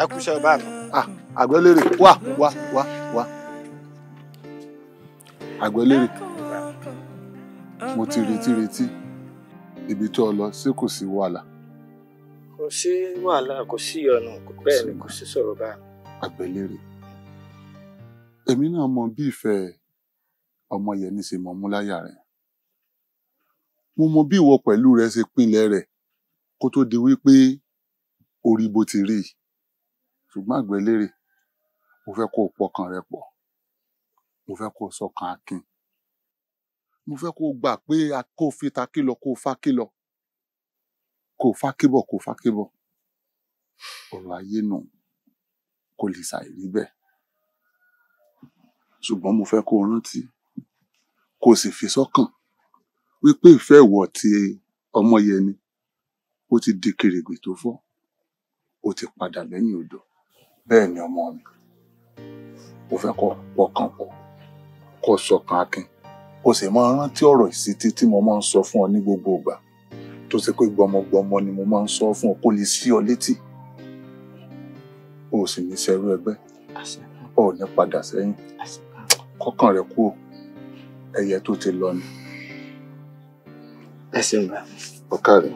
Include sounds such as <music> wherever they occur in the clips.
ẹ kú iṣẹ́ báyìí ah, àgbẹ̀lérè wá wá wá wá àgbẹ̀lérè mo ti retí retí ibi tó o lọ ṣé kò sí wàhálà. kò sí wàhálà kò sí ọ̀nà bẹ́ẹ̀ ni kò sí sọ̀rọ̀ báyìí. àgbẹ̀lérè èmi náà mọ bí ìfẹ́ ọmọ yẹn ní ṣe mọ mú rẹ mo mọ bí ìwọ pẹ̀lú rẹ ṣe pinlẹ̀ rẹ̀ kó tó di wípé orí bó ti rí yìí ṣùgbọ́n àgbẹ̀ lérè mo fẹ́ kó o pọkàn rẹ pọ̀ mo fẹ́ kó o sọkàn akin mo fẹ́ kó o gbà pé kó o fi ta kí lọ kó o fa kí lọ kó o fa kí bọ̀ kó o fa kí bọ̀ ọ̀rọ̀ ayé nù kò lè ṣàìrí bẹ́ẹ̀ ṣùgbọ́n mo fẹ́ kó o rántí kó o sì fi sọ́kàn wípé ìfẹ́ ìwọ̀ ti ọmọ yẹn ni ó ti di kèrègbè tó fọ́ ó ti padà lẹ́yìn odò bẹ́ẹ̀ ni ọmọ mi mo fẹ́ kọ́ pọkàn pọ̀ kó sọkàn akin kó sì máa rántí ọ̀rọ̀ ìsítí tí mo máa ń sọ fún ọ ní gbogbo ìgbà tó ṣe pé gbọmọgbọmọ ni mo máa ń sọ fún ọ kó lè sí ọ létí o sì ní ṣerú ẹgbẹ́ o ní padà sẹ́yìn kọ́kàn rẹ kúrò ẹyẹ tó ti lọ ni. ẹ ṣeun bá. ọkàrẹ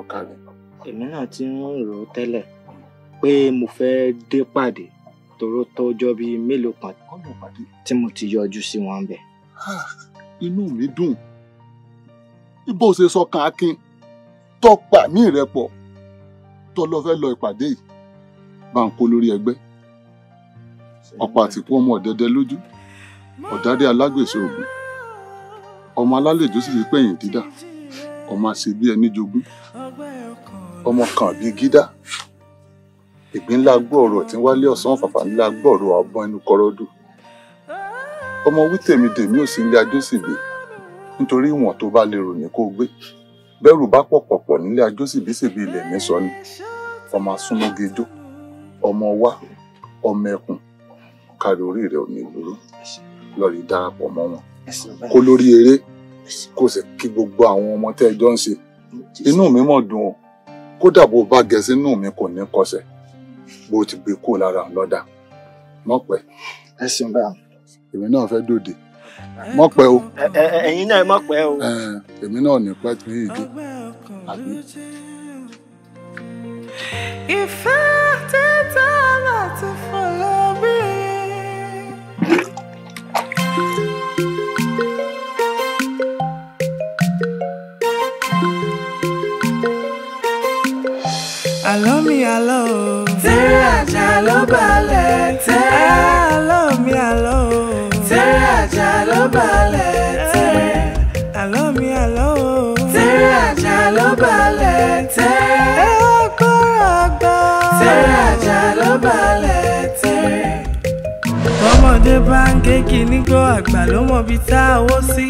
ọkàrẹ. èmi náà ti ń rò ó tẹ́lẹ̀ pé mo fẹ́ dé pàdé toró tọ́jọ́ bíi mélòó kan tí mo ti yọjú sí wọn bẹ̀. inú mi dùn ibo ṣe sọ kan tọpa ní ìrẹ́pọ̀ tọlọ fẹ́ lọ ìpàdé yìí bá ń kó lórí ẹgbẹ́ ọ̀pá àtìkú ọmọ ọ̀dẹ́dẹ́ lójú ọ̀dádé alágbèsè ògùn ọmọ alálejò sì fi pẹ̀yìn dídà ọmọ àṣebí ẹni jogún ọmọ kan bíi gídá ìgbín ńlá gbọ́ọ̀rọ̀ tí wálé ọ̀sán fàfà ńlá gbọ́ọ̀rọ̀ àbọ̀n ẹnu kọrọ́dù ọmọ wítèmi dèmi ò sí ilé ajósìgbè nítorí ìwọ̀n tó bá lérò ní kó gbé bẹ́rù bá pọ̀ pọ̀pọ̀ nílé ajósìgbè síbi ilẹ̀ mi sọ ni ọmọ asúnmọ́gẹjọ́ ọmọ wa ọmọ ẹkùn kárí orí rẹ̀ ò ní burú lọ́ọ̀rì darapọ̀ mọ́ wọn kó lórí eré kó sì kí gbogbo àwọn ọmọ tẹ́ ẹ jọ ń ṣe inú mi mọ̀ dùn o kódà bó bá gẹ̀ sínú mi kò ní kọsẹ̀. bó ti gbé kúrò lára ọlọ́dà mọ̀pẹ́. ẹ bá èmi náà fẹ́ dòde o. ẹ̀yin náà o. èmi náà ní pẹ́ ní ìdí àbí. ìfẹ́ títà láti àlọ́ àjà ló balẹ̀ tẹ́rẹ̀ àlọ́ mi àlọ́ o. tẹ́rẹ̀ àjà ló balẹ̀ tẹ́rẹ̀ àlọ́ eh, mi àlọ́ o. tẹ́rẹ̀ àjà ló balẹ̀ tẹ́rẹ̀. ẹ wá gbọ́rọ̀ gbọ́. tẹ́rẹ̀ àjà ló balẹ̀ tẹ́rẹ̀. ọmọdé bá ń gé kínní kó àgbà ló mọ ibi tá a wó sí.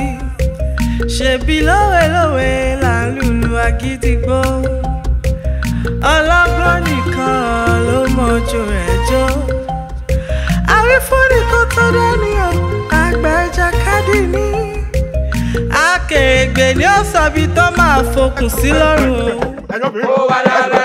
ṣèbí lówelówe là ń lùlù agídígbò ọlọ́gbọ́n nìkan nìkan ló mọ̀jú ẹjọ́ àwífúnni kan tó dánìyàn àgbà ẹja kádì ní. akèrègbè ni ó sọ ibi tó máa fokùn sí lọ́rùn. ó wà lára.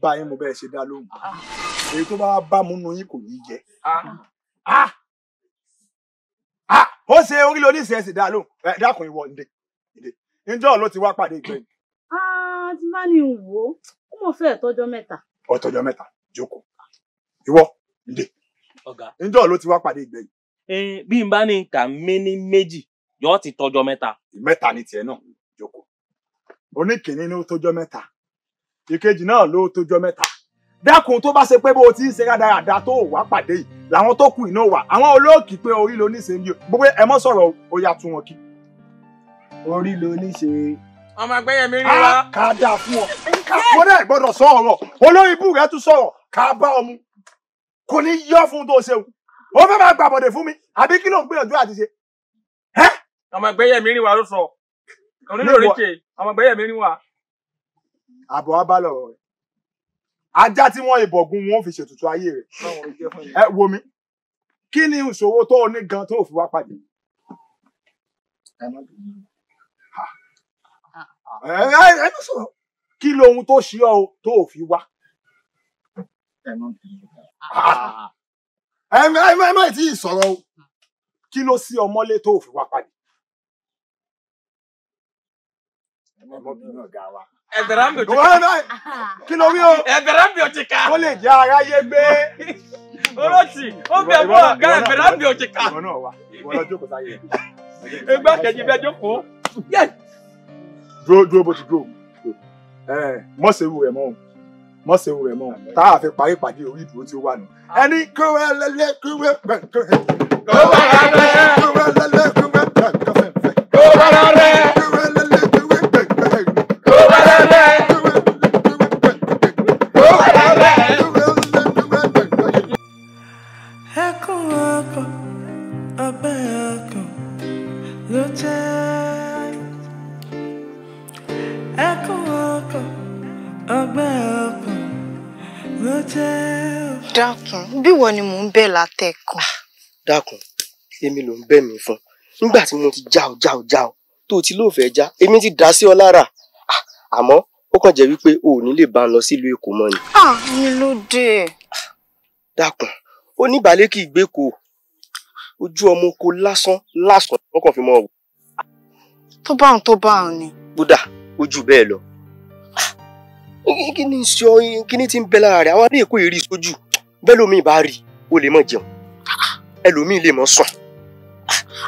bá yín mo bẹ́ẹ̀ ṣe dá lóhùn ah. èyí tó bá bá mu nu yín kò ní jẹ. Ah. Ah. ó ṣe orí lóní ìṣẹ́ sì dá lóhùn dákun ìwọ ǹjọ́ ló ti wá pàdé ìgbẹ́yìn. tí bá ní wo, ó mọ̀ fẹ́ tọ́jọ́ mẹ́ta. ó mẹ́ta jókòó ìwọ ǹde ǹjọ́ ló ti wá pàdé ìgbẹ́yìn. bí n bá ní mí ní méjì yóò ti tọ́jọ́ mẹ́ta. mẹ́ta ni tiẹ̀ náà jókòó ìkejì náà ló tójọ́ mẹ́ta dákun tó bá ṣe pé bó o ti ń ṣe rádaràda tó wà pàdé yìí làwọn tó kù iná wà àwọn olóòkì pé orí ló níṣe ní gbogbo ẹ mọ sọ̀rọ̀ ó yà tún wọn kí. orí ló níṣe. ọmọ ẹgbẹ́ mi rí wa. ká dáa fún ọ kó dẹ̀ gbọ́dọ̀ sọ ọ̀rọ̀ olórí ibú rẹ tún sọ̀rọ̀ ká bá ọmú kò ní yọ fún tó ṣe o ó fẹ́ máa gbàbọ̀dẹ̀ fún mi àbí kí ló ń gbìyànjú àti ṣe. ọmọ ẹgbẹ́ yẹn mi rí wa ló sọ onílò oríkè ọmọ ẹgbẹ́ yẹn mi rí wa àbọ̀ wa bá lọ̀rọ̀ rẹ̀ ajá tí wọ́n ìbọ̀gún wọn fi ṣètùtù ayé rẹ̀ ẹ wo mi kí ni ìṣòro tó o ní gan tó o fi wá pàdé. kí ló ohun tó ṣe ọ tó o fi wá. ẹ má tí ì sọ̀rọ̀ o kí ló sí ọmọlé tó o fi wá pàdé. ẹ má bínú ọ̀gá wa ẹ̀bẹ̀rẹ̀ ń bẹ̀ ọtí ká. kí ló o. ẹ̀bẹ̀rẹ̀ ń bẹ̀ ọtí ká. ó lè jẹ́ aráyé gbé. olóòtú ó bẹ̀ bọ́ ọ̀gá ẹ̀bẹ̀rẹ̀ ń bẹ̀ ọtí ká. ìwọ náà wà ìwọ náà jókòó sáyé. ẹgbẹ́ kẹjì bẹ́ẹ̀ jókòó. dúró dúró bó ti dúró mọ́sẹ̀wù rẹ̀ mọ́ o mọ́sẹ̀wù rẹ̀ mọ́ o tá a fi parí pàdé orí ìdúró tí ó wà nù. ẹni kí wọ́n lẹ́lẹ́ kí wọ́n pẹ̀ kí wọ́n lẹ́lẹ́ kí wọ́n lẹ́lẹ́. dákun bíwọ ni mò ń bẹ̀ látẹ̀kàn. Ah, dákun èmi ló ń bẹ̀ mí fún nígbà tí mo ti já o já o já o tó o ti lóò fẹ́ já èmi ti dá sí ọ lára ah, àmọ́ ó kàn jẹ́ wípé o ò ní lè bá ń lọ sílùú èkó mọ́ ni. àmì ah, ló dé. dákun oníbàálẹ̀ kì í gbé kó ojú ọmọ oko lásán lásán wọn kàn fi mọ ọ. tó bá òun tó bá òun ni. búdà ojú bẹ́ẹ̀ lọ kí ni sọ kí ni ti ń bẹ lára rẹ àwọn ará èkó ìrí sójú bẹ́ẹ̀ lómi bá rí o lè mọ jẹun ẹlòmíì lè mọ sùn.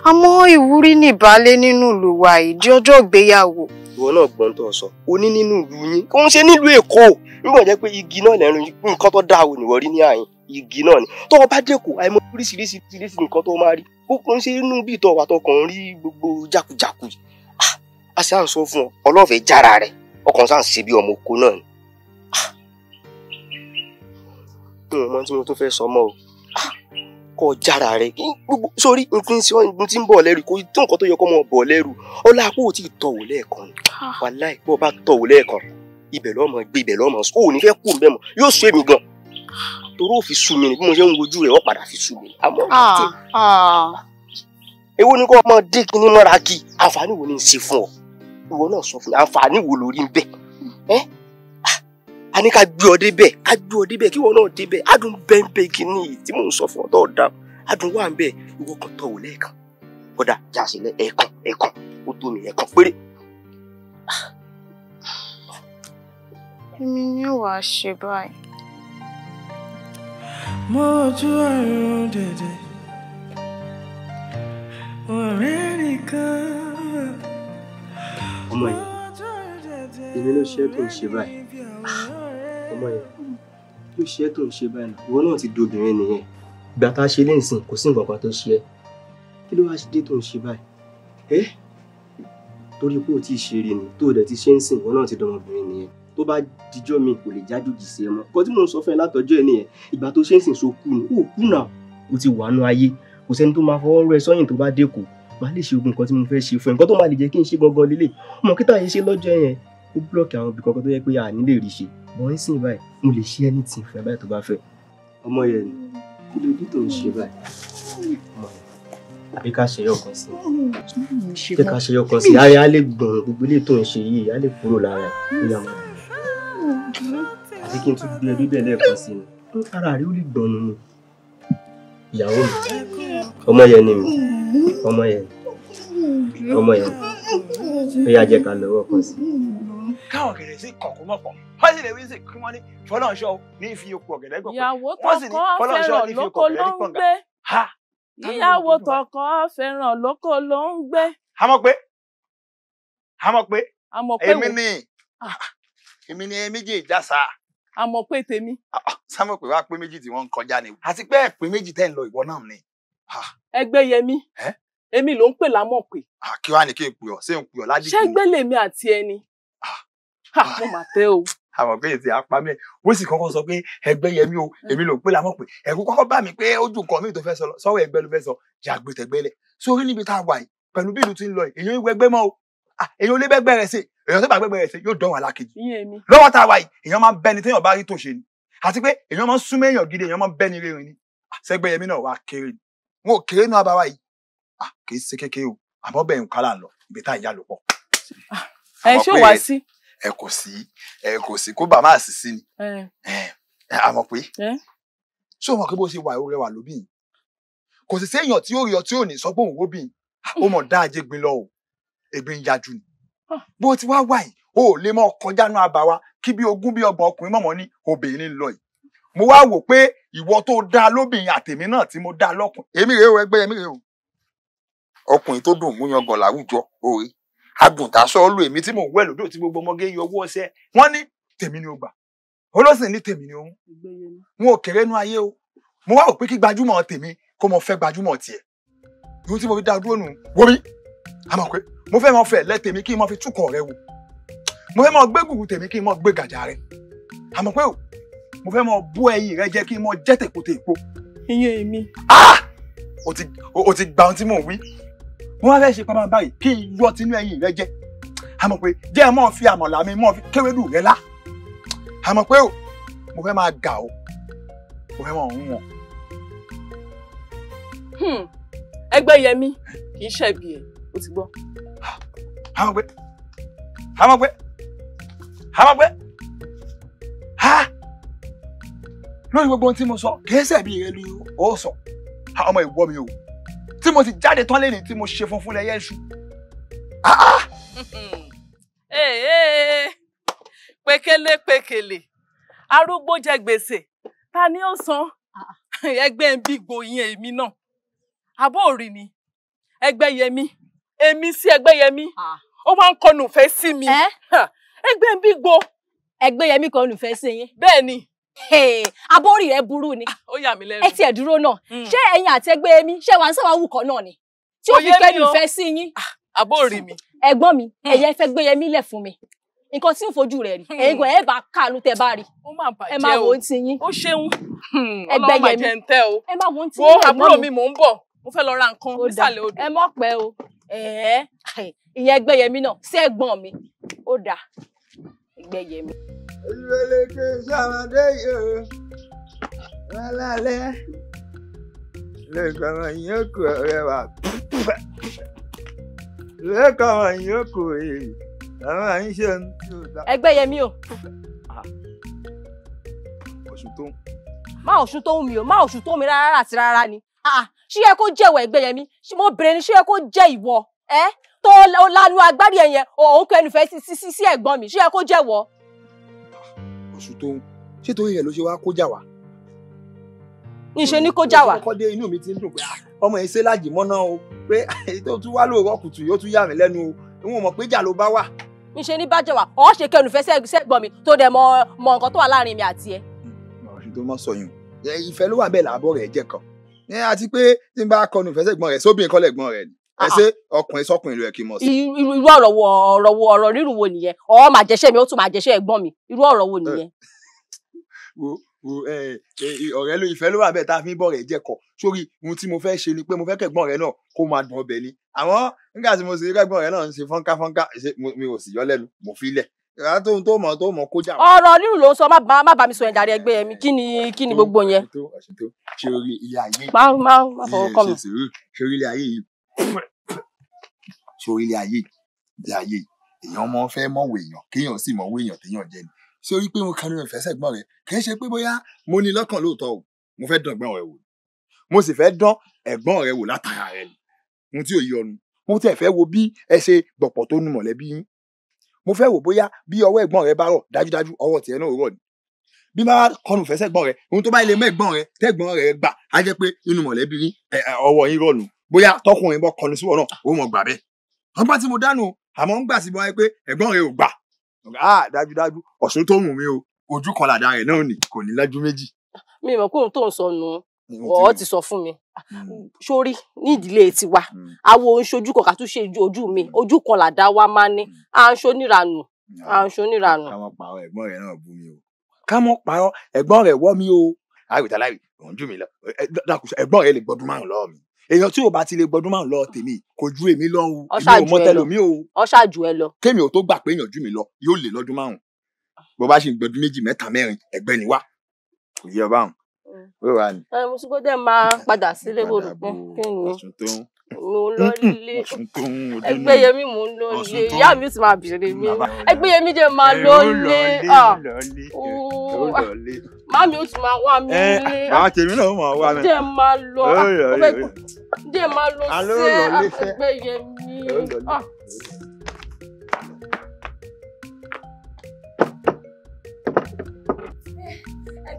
àmọ́ ìwúrí ni ìbálé nínú ìlú wa yìí di ọjọ́ ìgbéyàwó. ìwọ náà gbọ́n tó sọ o ní nínú ìlú yín kò ń ṣe nílùú èkó nígbà jẹ́ pé igi náà lẹ́nu nǹkan tó dáa òní wọ́n rí ní àyín igi náà ni tó o bá dẹ́kọ̀ àìmọ oríṣiríṣi oríṣiríṣi nǹkan tó máa rí kókó ń ṣe inú bí ìtọ̀ wà tó kàn ń rí gbogbo jákujàku ah, a sì à ń sọ fún ọ ọlọ́ọ̀fẹ́ jára rẹ ọkàn sáà ń ṣe bí ọmọ oko náà ni n ò tí mo tún fẹ́ sọ mọ́ o ah, kọ jára rẹ gbogbo sórí n ti ń ti ń bọ̀ lẹ́rù kò tó nǹkan tó yẹ kó mọ̀ bọ̀ lẹ́rù ọlá àpò ò tí ì tọ̀wò lẹ́ẹ̀kan ni ah. wàláì bó bá tọ̀wò lẹ́ẹ̀kan ibẹ̀ lọ́mọ gbé ibẹ̀ lọ́mọ sọ òun fẹ́ kú mbẹ́ mọ́ yóò sọ èmi gan torí ò fi sú mi ni bí mo ṣe ń wojú rẹ̀ wọ́n padà fi sú mi àmọ́ ah, ni kò ọmọ dé kíní mọ́ra kí àǹfààní wo ni ń ṣe fún ọ ìwọ náà sọ fún mi àǹfààní wo lórí ń bẹ́ẹ̀ a ní ká gbé ọ débẹ̀ a gbé ọ débẹ̀ kí wọn náà débẹ̀ adùn bẹ́ńbẹ́ kìíní yìí tí mò ń sọ fún ọ tó dá adùn wà ń bẹ̀ ìwọ kan tọ̀ wò lẹ́ẹ̀kan kódà jáàsì lẹ ẹ̀ẹ̀kan ẹ̀ẹ̀kan ó tó mi ẹ̀ẹ̀kan péré. èmi ni wà á ṣe báyìí. mo ojú àrùn dẹ̀dẹ̀ ọ̀rẹ́ nìkan. ọmọ yìí èmi ló ṣe é tó ń ṣe báyìí ọmọ yẹn kí ó ṣe é tó ń ṣe báyìí ìwọ náà ti dobìnrin nìyẹn ìgbà tá a ṣe léǹsìn kò sí nǹkan kan tó ṣe é kí ló wá ṣe dé tó ń ṣe báyìí ẹ torí pé o ti ṣe rè ni tó o dẹ̀ ti ṣe ń sìn ìwọ náà ti dọmọbìnrin nìyẹn tó bá dijọ́ mi kò lè jájòjì sí ẹ mọ́ nǹkan tí mò ń sọ fún ẹ látọjọ́ ẹ nìyẹn ìgbà tó ṣe ń sìn so kú ni ó kú náà o ti wà nú ayé kò sẹ́ni tó máa fọwọ́ rọ ẹ sọ́yìn tó bá dé kù máa lè ṣe ogun nǹkan tí mo fẹ́ ṣe fún ẹ nǹkan tó máa lè jẹ́ kí n ṣe gangan lélẹ̀ mọ̀ kí táyé ṣe lọ́jọ́ yẹn kó búlọ̀kì àwọn ibi kankan tó yẹ pé a ní lè rí ṣe bọ́n ń sìn báyìí mo lè ṣe anything fún ẹ báyìí tó bá fẹ́ ọmọ yẹn ni kí ló dé tó ń ṣe báyìí ọmọ yẹn àbí ká ṣe yọkan sí i jẹ́ ká ṣe yọkan sí i ayé á lè gbọ̀n gbogbo ilé tó ń ṣe yìí á lè kúrò lára ẹ̀ ní àwọn àti kí n tún gbé ẹbí bẹ́ẹ̀ lẹ́ẹ̀kan sí i ara rí ó lè gbọ̀n nù ìyàwó mi ọmọ yẹn ni mi ọmọ yẹn ọmọ yẹn ó yá jẹ́ ká lọ́wọ́ kan sí i káwọn ọ̀gẹ̀dẹ̀ sí kọ̀ọ̀kún mọ̀pọ̀ wọ́n sì lè wí sí kí wọ́n ní fọlọ́nṣọ́ ní fi okùn ọ̀gẹ̀dẹ̀ gbọ̀pẹ̀ ìyàwó tọkọ fẹ́ràn lóko ló ń gbé ìyàwó tọkọ fẹ́ràn lóko ló ń gbé. a mọ̀ pé a mọ̀ pé èmi ni ah. èmi ni méjì ìjàsà. a ah, ah, mọ̀ pé tèmi. sámọ̀ pé wàá pé méjì tí wọ́n ń kọjá ni àti pé ẹ̀ pé méjì tẹ́ ń lọ ìwọ náà ni. ẹgbẹ́ yẹmi èmi ló ń pè lámọ̀ pé. kí wàá ní kí n pè ọ́ ṣé n pè ọ́ ládìgún. ṣẹ́gbẹ́ lèmi àti ẹni. <laughs> mo mà tẹ́ o. àwọn pé èsì apá mi wọ́n sì kọ́kọ́ sọ pé ẹgbẹ́ yẹmi o èmi ló pé làwọn pè ẹ̀rù kọ́kọ́ bá mi pé ojú nǹkan mi tó fẹ́ sọ́wọ́ ẹgbẹ́ ló fẹ́ sọ jàgbé tẹ̀gbẹ́lẹ̀ sórí níbi tá a wà yìí pẹ̀lú bí ìlú ti ń lọ yìí ìwé ẹgbẹ́ mọ́ o èyàn olé bẹ́gbẹ́ rẹ̀ sí èyàn tó bá gbẹ́gbẹ́ sí yóò dán wà lákejì lọ́wọ́ tá a wà yìí èyàn máa ń bẹ́ni téèyàn bá rí tó ṣe ni ẹ kò sí ẹ kò sí kó bàá má sì sí ni àmọ́ pé ṣé o mọ̀ pé bó ṣe wà ó rẹwà lóbì yìí kò sì séèyàn tí ó rí ọ tí ò ní sọ pé òun wóbì yìí ah, ó mọ̀ dá gbin lọ o ègbé ń yájú ni ah. bó ti wá wà yìí o ò lè mọ kọjá náà àbáwá kí bí ogún bí ọgbọ̀n ọkùnrin mọ̀mọ́ ní obìnrin lọ yìí mo wá wò pé ìwọ tó dá lóbìnrin àtèmi náà tí mo dá lọ́kùnrin èmi rèé o ẹgbẹ́ èmi rèé o ọkùnrin tó dùn mú yangàn láwùjọ òye agùntàsọ́ọ́lù èmi tí mò ń wẹ̀ lódò tí gbogbo ọmọge yọ owó ọṣẹ wọ́n ní tèmi ni ó gbà olóṣèlú ní tèmi ni òun wọn ò kéré nú ayé o mo wá rò pé kí gbajúmọ̀ tèmi kó mo fẹ́ gbajúmọ̀ tiẹ̀ ohun tí mo fi dá dúró nù wórí àmọ́ pé mo fẹ́ mọ fẹ́ lẹ́ tèmi kí n mọ fi túkọ̀ rẹ wò mo fẹ́ mọ gbé gùgù tèmi kí n mọ gbé gàjà rẹ àmọ́ pé o mo fẹ́ mọ bú ẹyin rẹ jẹ́ kí n mọ jẹ́ tèkótèkó. iye mi. o ti gba ohun tí mò ń wí wọ́n wá fẹ́ ṣe pamọ́ báyìí kí yọ tinú ẹyin rẹ jẹ́ àmọ́ pé jẹ́ ẹ mọ̀ fi àmọ̀là mi mọ̀ fi kéwédù rẹ lá àmọ́ pé o mo fẹ́ máa gà o mo fẹ́ máa ń wọ̀n. Hmm. ẹgbẹ́ yẹmi kì í ṣẹ̀bi ẹ̀ o ti gbọ́. àmọ́ pé àmọ́ pé àmọ́ pé ha lórí gbogbo ohun tí mo sọ kì í ṣẹ̀bi rẹ ni ó sọ ọmọ ìwọ mi o tí mo sì jáde tán lẹ́ni tí mo ṣe funfun lẹ́yẹ ṣu. pékélé pékélé arúgbó jẹ gbèsè ta ni ó san ah, ah. <laughs> ẹgbẹ́ ń bí gboyin èmi náà àbó òrì ni ẹgbẹ́ yẹmi èmi sí ẹgbẹ́ yẹmi ah. ó máa ń kọnu ìfẹ́ sí mi ẹgbẹ́ ń bí gbo. ẹgbẹ́ yẹmi kọnu ìfẹ́ sí yín. bẹ́ẹ̀ abórí rẹ burú ni ah, ó yà mí lẹ́nu ẹ tiẹ̀ dúró náà hmm. ṣé ẹ̀yin àtẹgbẹ́ mi ṣé wàá sábà wù kọ́ náà ni tí ó fi kẹ́nu ìfẹ́ sí yín ah, abórí mi ẹ̀gbọ́n mi hmm. ẹ̀yẹ fẹ́ gbé yẹmí lẹ̀ fún mi nǹkan tí ń fojú rẹ̀ rí hmm. ẹ̀yin gan ẹ̀ bá káàánú tẹ bá rí ẹ máa wò ó ti yín ó ṣeun ẹgbẹ́ yẹmí ẹ mi àbúrò mi mò ń bọ̀ mo fẹ́ lọ ra nǹkan nísàlẹ̀ odò ẹ mọ̀ pẹ́ o ìyẹn ẹgbẹ́ yẹmí náà sí ẹ̀gbọ́n mi ó dáa ẹgbẹ́ yẹmí ìrẹ̀lẹ̀kẹ sàmàdé yòó lálẹ́ lẹ́kọ̀ọ́ ọmọ yòókù rẹwà lẹ́kọ̀ọ́ ọmọ yòókù èyí àwọn àyìn ṣe ń tù dá. ẹgbẹ́ yẹmi o. Ah. má ọ̀sùn tó ń mi o má ọ̀sùn tó ń mi rárá àti rárá ni ah, ṣé yẹ kó jẹ́wọ́ ẹgbẹ́ yẹmi mo bèrè ni ṣé yẹ kó jẹ́ ìwọ ẹ tó lanu agbárí ẹ̀yẹn òun kẹnu fẹ́ sí ẹ̀gbọ́n mi ṣé yẹ kó jẹ́wọ́ ọ̀ṣù tó ń ṣé torí rẹ̀ ló ṣe wá kó jà wá. níṣẹ́ ni kó jà wá. ọkọ dé inú mi ti ń dùn pé ah, ọmọ yìí ṣe láàjì mọ́ná o pé tó tún wá lóòrọ̀ kùtù yóò tún yà mí lẹ́nu o ìwọ̀n mọ̀ pé jà ló bá wà. níṣẹ́ ni bá jà wá ọ̀ ṣe kẹnu fẹ́ sẹ́gbọ̀n mi tó dẹ̀ mọ mọ nǹkan tó wà láàrin mi àti ẹ. ọ̀ṣun tó mọ̀ sọyún ìfẹ́ ló wà bẹ́ẹ̀ làbọ̀ rẹ̀ jẹ́ kan àti pé tí ẹ ah, ah. ṣe ọkùnrin sọkùnrin ló yẹ kí n mọ sí. irú ọ̀rọ̀ wo ọ̀rọ̀ wo ọ̀rọ̀ rírù wo nìyẹn ọ̀ọ́ máa jẹ́ṣẹ́ mi ó tún máa jẹ́ṣẹ́ ẹ̀gbọ́n mi irú ọ̀rọ̀ wo nìyẹn. wo wo ọ̀rẹ́ ló ìfẹ́ ló wà bẹ́ẹ̀ tá a fi ń bọ̀ rẹ̀ jẹ́kọ̀ sórí ohun tí mo fẹ́ ṣe ni pé mo fẹ́ kẹ̀gbọ́n rẹ náà kó máa dùn ọbẹ̀ ni àmọ́ nígbà tí mo sì kẹ̀gbọ́n rẹ náà ń ṣe fọ́nká fọ́nká mi ò sì yọ lẹ́nu mo fi lẹ̀ ìyá tóun tó mọ̀ tó mọ̀ kó jà. ọ̀rọ̀ rírù ló ń sọ má bá mi sọ ẹ̀dá rẹ ẹgbẹ́ mi kí ni kí ni gbogbo yẹn. ṣé orí ilé ayé yìí ṣe sùúrù ṣé orí ilé ayé yìí <coughs> sórí ilé ayé ilé ayé èèyàn mọ fẹ́ mọ̀wé èèyàn kéèyàn sì mọ̀wé èèyàn téèyàn jẹ ni sórí pé mo kanu ìfẹ́ sẹ́gbọ́n rẹ kì í ṣe pé bóyá mo ní lọ́kàn lóòótọ́ o mo fẹ́ dán ẹ̀gbọ́n rẹ wò mo sì fẹ́ dán ẹ̀gbọ́n rẹ wò látara rẹ ni ohun tí ò yí ọnu mo tẹ̀ fẹ́ wo bí ẹ ṣe gbọ̀pọ̀ tó nu mọ̀lẹ́bí yín mo fẹ́ wò bóyá bí ọwọ́ ẹ̀gbọ́n rẹ bá rọ̀ dájúdájú ọwọ́ tiẹ̀ náà rọ̀ ni bí bá kọnu ìfẹ́ sẹ́gbọ́n rẹ ohun tó bá ilé mẹ́gbọ́n rẹ tẹ́gbọ́n rẹ gbà á jẹ́ pé inú mọ̀lẹ́bí ọwọ́ yín rọ̀ nù bóyá tọkùnrin bọ kọlu síwọ náà ó mọ gbà bẹ́ẹ̀ ọgbọ́n tí mo dánú àmọ́ ń gbà sí bọ́ pé ẹ̀gbọ́n rẹ ò gbà á ah, dájúdájú ọ̀sùn tó mú mi o ojú kan làdá rẹ̀ náà ni kò ní lájú méjì. mi ò mọ̀ kóhun tó ń sọ nù ọ́ ti sọ fún mi hmm. sórí ní ìdílé tiwa àwo hmm. ń ṣojú kan kàtún ṣe ojú mi hmm. ojú kan làdá wa máa ní à ń ṣoníranù à ń ṣoníranù. ká mọ̀ pààrọ̀ ẹ̀gbọ́n rẹ̀ náà bú mi o ká mọ̀ pààrọ̀ ẹ̀gbọ́n rẹ̀ wọ́ mi o àrùtàláì òun jù mí lọ ẹ̀gbọ́n rẹ̀ lè gbọ́dún márùn-ún mi èèyàn tí ò bá ti lè gbọdún márùn lọ tèmi kò ju èmi lọ o èmi ò mọ tẹlómi o ọṣáàjù ẹ lọ kémi ò tó gbà pé èèyàn jù mí lọ yóò lè lọdún márùn bó bá ṣe gbọdún méjì mẹ́ta mẹ́rin ẹgbẹ ni wá kò yẹ báwọn. Mm. ẹ mo sọ pé máa <laughs> padà sílé gbòdùgbò kí n wò mo ń lọ lé ẹgbẹ́yẹmí mo ń lọ lé ìyá mi sì máa bèrè mi ẹgbẹ́yẹmí jẹ́ máa lọ ah, lé màmí ó sì máa wá mi lé àwọn máa wá mi jẹ́ máa máa lọ ah, sí ah, ẹgbẹ́yẹmí.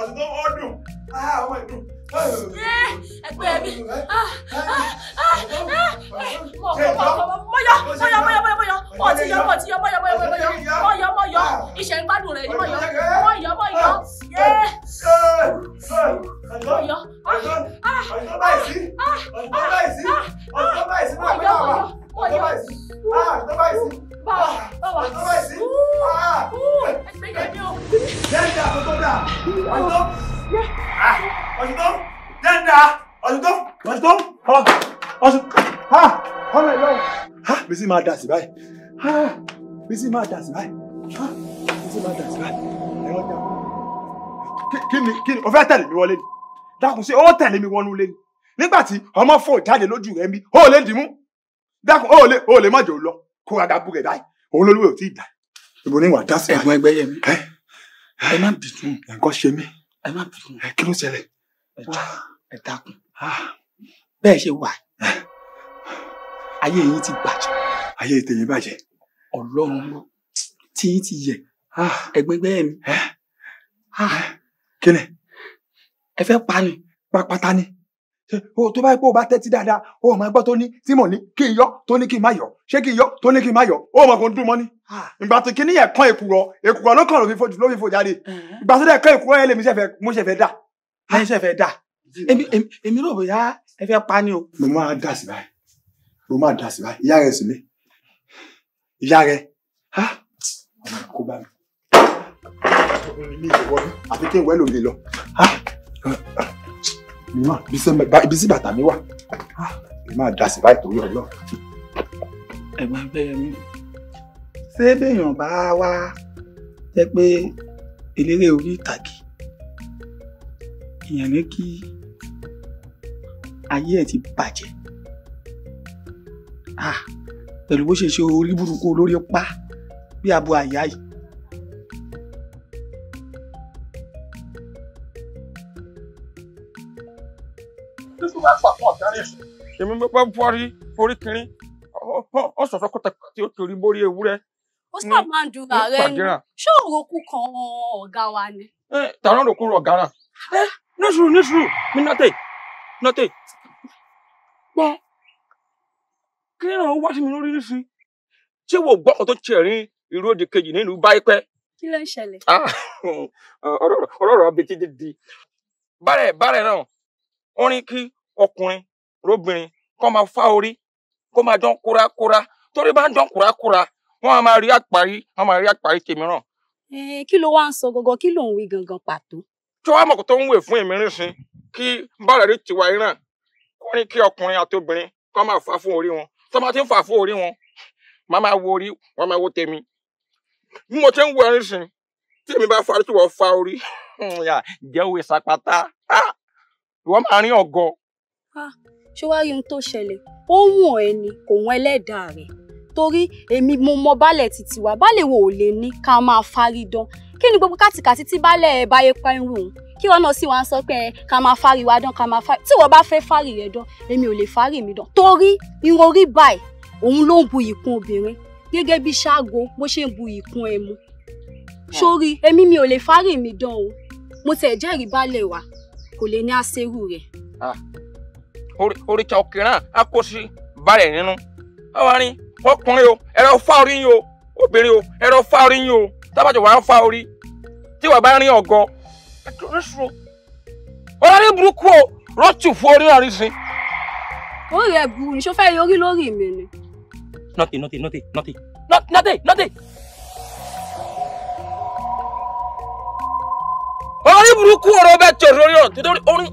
ọ̀sẹ̀ tó ó dùn ah, ọmọ ìdùn. Ah. Eh, ẹgbẹ́ mi mọ̀yọ́ mọ̀yọ́ mọ̀yọ́ mọ̀yọ́ mọ̀ ti yọ mọ̀yọ́ mọ̀yọ́ mọ̀yọ́ mọ̀yọ́ mọ̀yọ́ ìṣẹ̀ ìgbádùn rẹ̀ yìí mọ̀yọ́ mọ̀yọ́ mọ̀yọ́ mọ̀yọ́ ọ̀sán báyìí sí ah. ọ̀sán báyìí sí ọ̀sán báyìí sí máa pẹ́ àwọn ọ̀sán báyìí sí ọ̀sán báyìí sí. ọ̀ṣùtọ́ ah, bísí máa dà sí báyìí bísí máa dà sí báyìí kí ni o fẹ́ tẹ̀lé mi wọlé ni dákun sí ó tẹ̀lé mi wọnú lé ni nígbà tí ọmọ fò jáde lójú rẹ mi ó lè dìímú dákun ó lè ó lè má jò lọ kó ragabú rẹ báyìí òun lolúwe ò tí ì dà ìbò ni dá sí báyìí. ẹ̀gbọ́n ẹgbẹ́ yẹn mi ẹ má bìtú nǹkan ṣe mí ẹ má bìtú kí ló ṣẹlẹ̀. ẹ dákun ah. bẹ́ẹ̀ ṣe wà eh. ayé yìí ti bàjẹ́. ayé tèyí bàjẹ́. ọlọ́run lọ tí yìí ti yẹ ah. ẹgbẹgbẹ mi. Eh. Ah. Eh. kí ni. ẹ fẹ́ pa ni. pa pátá ni tó bá yẹ pé o bá tẹ́tí dáadáa o máa gbọ́ tó ní tí mò ní kí n yọ tó ní kí n má yọ ṣé kí n yọ tó ní kí n má yọ o mọ̀ kó ń dún mọ́ ni. Ah. ìgbà tó kíní yẹn kán èkùrọ̀ èkùrọ̀ ló kàn ló fi fò ló fi fò jáde eh. ìgbà tó dẹ̀ kán èkùrọ̀ yẹn lèmi ṣẹ̀fẹ̀ mo ṣẹ̀fẹ̀ dà mo ṣẹ̀fẹ̀ dà. èmi rò bóyá ẹ fẹ́ pa ni o. mo máa dà sí báyìí mo máa dà sí báyìí ìyá rẹ sì mi ìyá rẹ ọmọ kó bá mi. àfi kí n wẹ́ mi wà ibi sí bàtà mi wà ah, ẹ máa dà sí báyìí torí ọlọ́run. ẹ̀gbọ́n abẹ́yẹmí ṣé béèyàn bá wá jẹ́ pé eléré orí ìtàgé èèyàn ní kí ayé ẹ̀ ti bàjẹ́ ah, pẹ̀lú bó ṣe ṣe orí burúkú olórí pa bí abo àyà yìí pàpọ̀ àtàrí sùn. èmi mo bá buhari orí kìnrin ọ sọ̀sọ́ kọ́ta tí ó torí borí ewúrẹ́. ó sábà máa ń dun ààrẹ ni ṣé òrokù kan ọ̀gá wa ni. ẹ tààrà òrokù rọ ọ̀gá náà. ẹ nísùrù nísùrù mi nọ́tẹ̀ nọ́tẹ̀ gbọ́n kí ni àwọn wá sí mi lórí nísìnyí ṣé wò gbọ́ ọ̀tọ̀ tiẹ̀ rí ìró òdì kejì nílùú báyìípẹ́. kí ló ń ṣẹlẹ̀. ọ̀rọ̀ ọ̀rọ̀ abetí di Bare, bare náà orin kí ọkùnrin lóbìnrin kó máa fá orí kó máa dán kúrakúra torí bá ń dán kúrakúra wọn á máa rí àparí wọn máa rí àparí tèmíràn. kí ló wá ń sọ gangan kí ló ń wí gangan pàtó. kí wàá mọ̀ kó tó ń wè fún èmi rìnsìn kí bọ́ọ̀lù rí tiwa iran kó ní kí ọkùnrin àti obìnrin kó máa fà fún orí wọn tó máa ti ń fà fún orí wọn màá máa wo orí wọn máa wo tèmi bí mo ti ń wo ẹrin sìn tí èmi bá farí tí wọ́n fa orí <laughs> jẹ́ òwe sàpàtà ah! ìwọ́n máa rí ọ̀gọ́ ṣé wàá rí ohun tó ṣẹlẹ̀ ó wùn ẹ ni kò wọ́n ẹlẹ́dàá rẹ̀ torí èmi mo mọ baálẹ̀ títí wa baálẹ̀ wo ò lè ní ká máa faridán kí ni gbogbo kàtìkàtì tí baálẹ̀ ẹ bá yẹ pa irun òun kí wọn náà sì wá sọ pé ká máa fárí wa dán ká máa fárí tí wọn bá fẹ́ fárí rẹ dán èmi ò lè fárí mi dán torí irun orí báyìí òun ló ń bu ìkun obìnrin gẹ́gẹ́ bí ṣáàgó bó ṣe ń bu ìkun ẹmu sórí èmi mi ò lè fárí mi dán o mo tẹ̀ jẹ́rìí baálẹ̀ wa kò lè ní àṣẹrù rẹ̀ oríta òkè náà á kó sí balẹ̀ nínú. ọwọ́ ni ọkùnrin o ẹ̀rọ fá orí yín o obìnrin o ẹ̀rọ fá orí yín o tábàjọ wàá fá orí tí wàá bá rin ọ̀gọ́ ẹ̀dúrósùn olórí burúkú o rọ́tù fún orí ọ̀rí sí. ó rẹ̀ bu ni fẹ́ yorí lórí mi ni. nọ́tì nọ́tì nọ́tì nọ́tì nọ́tì nọ́tì. olórí burúkú ọ̀rọ̀ bẹ́ẹ̀ tí orí ọ̀rọ̀ tó dórí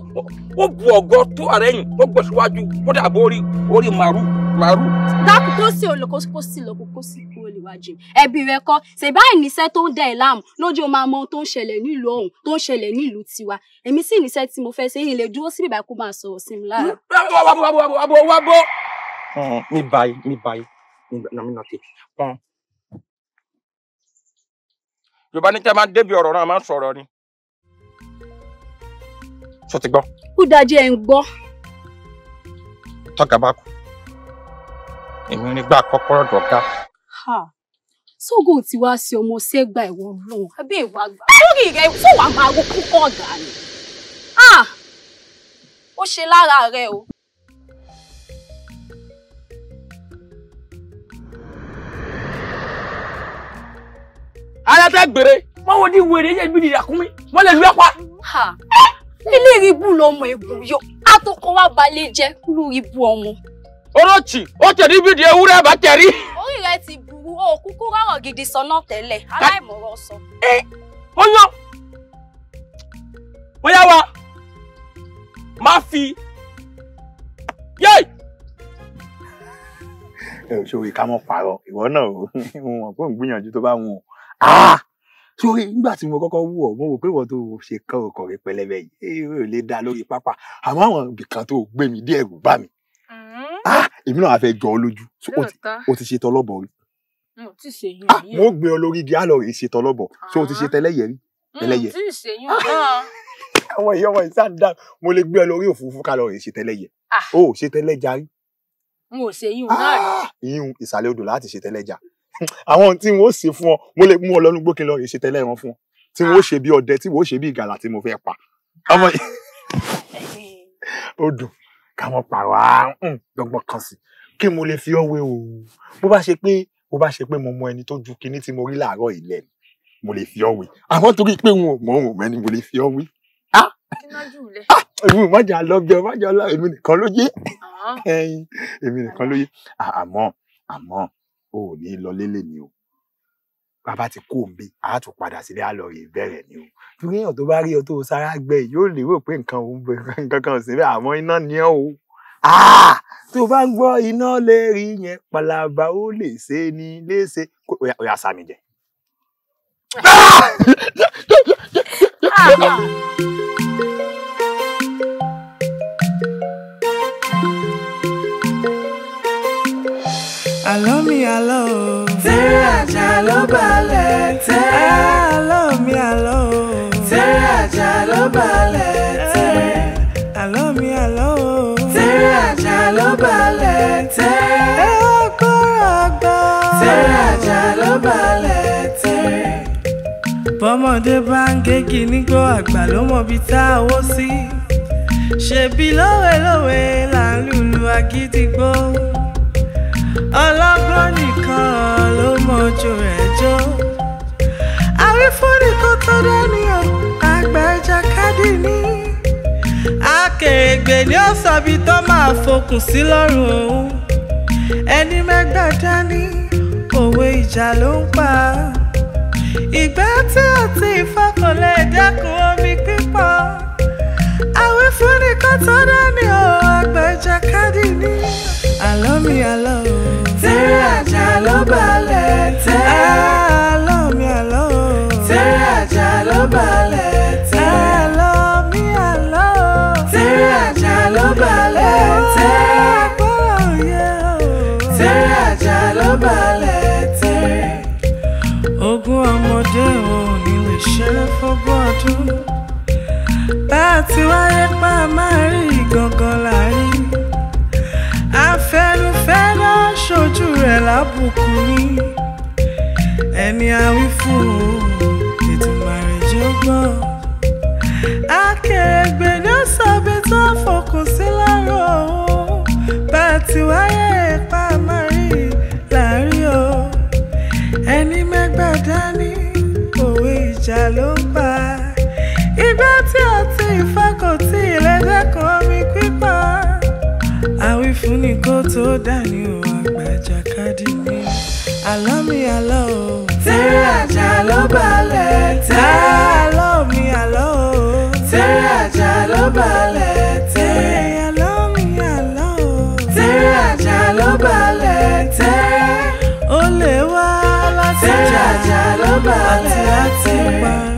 ó bu ọgọ tó ààrẹ yìn ó gbọ síwájú ó dàbò orí orí màrú màrú. dákú kó sí olùkó kó sí lóko kó sí kó lè wá jẹun ẹbí rẹ kọ ṣèbá ìníṣẹ́ tó ń dẹ ẹ láàmú lójú o máa mọ ohun tó ń ṣẹlẹ̀ nílùú ọ̀hún tó ń ṣẹlẹ̀ nílùú tiwa èmi sì níṣẹ́ tí mo fẹ́ ṣe yìí lè dúró síbi ìbá kó máa sọ̀rọ̀ sí mi lára. wá bọ̀ wá bọ̀ wá bọ̀. mi báyìí mi báyìí mi nà tè pọn. Hm. yorùbá ní kí a máa débi ọ̀rọ̀ náà a máa sọ̀rọ̀ ni tó ti gbọ́. kú dajì ẹ̀ ń gbọ́. tọ́gà bá kú èmi ò ní gbà kọ́kọ́rọ́ dọ̀gá. sógun tí wàá ṣe ọmọ sẹ́gbà ìwọ ọlọ́run abẹ́ ìwà àgbà lórí rẹ fún wàá máa wo kókó ọ̀gá ni. ó ṣe lára rẹ o. ara tẹ gbèrè wọn wo ni wèrè yẹn bí nìyà kún mi wọn lè lu ẹ pa eléyìí ibú lọmọ ìbù yọ àtọkọ wa balẹ̀ jẹ́ lórí ibú ọmọ. olóòtú ó tẹ̀rí bídìí ewúrẹ́ bá tẹ̀rí. orí rẹ ti burú o kúkú rọrọ gidi sọ náà tẹ́lẹ̀ aláìmọ̀rọ̀ sọ. ẹ ó yọ bóyá wa máa fi yéé ṣòwò ìkámọ́ pààrọ̀ ìwọ náà ò <laughs> mọ̀ fún ìgbìyànjú tó bá wù ú ah! torí nígbà tí mo kọ́kọ́ wù ọ́ mo wò pé ìwọ tó ṣe kọ́ ọkọ̀ rẹ pẹlẹbẹ yìí èrò lè dá lórí pápá àmọ́ àwọn ibìkan tó gbé mi dé ẹ̀rù bá mi èmi náà fẹ́ jọ ọ lójú o ti ṣe tọlọ́bọ̀ rí mo gbé ọ lórí igi àlọ́ rẹ̀ ṣe tọlọ́bọ̀ so o ti ṣe ah. tẹlẹ́yẹ rí tẹlẹ́yẹ àwọn ìyọ́wọ́ ìsáàdá mo lè gbé ọ lórí òfurufú ká lọ rẹ̀ ṣe tẹlẹ́yẹ ah. o ṣe tẹlẹ́ja rí. n ò ṣe o náà rí. iyùn ìsàlẹ̀ odò láti ṣe tẹlẹ́ja àwọn tí wọn ó ṣe fún ọ mo lè mú ọ lọ́nu gbókin lọ ìṣètẹ lẹ́ran fún ọ tí wọn ó ah. ṣe bí ọdẹ tí wọn ó ṣe bí ìgàlà tí mo fẹ́ pa ọmọ yìí <laughs> ó dùn ká mọ pàrọ̀ àrùn ah, mm, gbọ̀ngbọ̀n kan sí kí mo lè fi ọ wé o bó bá ṣe pé bó bá ṣe pé mo mọ ẹni tó ju kinní tí mo rí láàárọ̀ ilẹ̀ ni mo lè fi ọ wé àmọ́ torí pé wọn ò mọ òun mẹ́ni mo lè fi ah! ọ wé. èmi ìmọ̀jà lọ́bẹ̀ ọmọjà ọlá èmi nìkan ló yé èmi nìkan ló yé àmọ́ àmọ́ o ò ní lọ lélẹ̀ ni o bàbá ti kó mi a tún padà sílé a lọ rè bẹ̀rẹ̀ ni o torí èèyàn tó bá rí ọ tó sára gbẹ yóò lérò pé nǹkan òun bẹ nǹkan kan sí bẹ àmọ́ iná ni ọ o tó bá ń gbọ́ iná lè rí yẹn palaba ó lè ṣe ni léṣe ó yà sàmì jẹ. Ah! <laughs> Ah! ló balẹ̀ tẹ́rẹ́. àlọ́ mi àlọ́ o. tẹ́rẹ́ àjà ló balẹ̀ tẹ́rẹ́. àlọ́ mi àlọ́ o. tẹ́rẹ́ àjà ló balẹ̀ tẹ́rẹ́. ẹ ó kọ́ra gbọ́. tẹ́rẹ́ àjà ló balẹ̀ tẹ́rẹ́. bọ́mọdé bá ń gégi nígbó àgbà ló mọ̀ bí tá a wó sí. ṣèbí lówelówe là ń lùlù agídígbò. ọlọ́gbọ́n nìkan nìkan ló mọ̀jú ẹjọ́ àwífúnni kan tó dánìyàn àgbẹ̀jà kádì ní. akèrègbè ni ó sọbi tó máa fokùn sí lọ́rùn òun ẹni mẹ́gbàá dání òwe ìjà ló ń pa ìgbà tí àti ìfọkànlẹ̀ dẹ́kun omi pípọ̀ àwífúnni koto dani o àgbẹ̀jà kádì ní. àlọ́ mi àlọ́ balẹ̀ tẹ́. àbùkù ni ẹni àwí fún ètò màrìjì ọgbọ́n. Akèrègbè ni ó sọ̀bi tó fòkùn sí lárò ó bá ti wáyé ipa mari láàrin o ẹni mẹ́gbà dání òwe ìjà ló ń bá igbá tí ọtí ìfakọ̀tì ìlẹ́dẹ́kọ̀ọ́ mi pípa àwífún ni kó tó dání o àgbà jàkadì ni àlọ́ mi àlọ́ o. tẹ́rẹ́ àjà ló balẹ̀ tẹ́. àlọ́ mi àlọ́ o. tẹ́rẹ́ àjà ló balẹ̀ tẹ́. àlọ́ mi àlọ́ o. tẹ́rẹ́ àjà ló balẹ̀ tẹ́. ó lè wá láti jà àjà ló balẹ̀ tẹ́.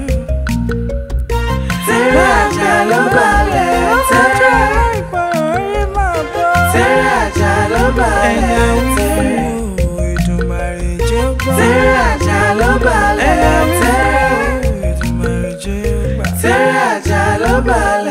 tẹ́rẹ̀ àjà ló balẹ̀ tẹ́rẹ̀ àjà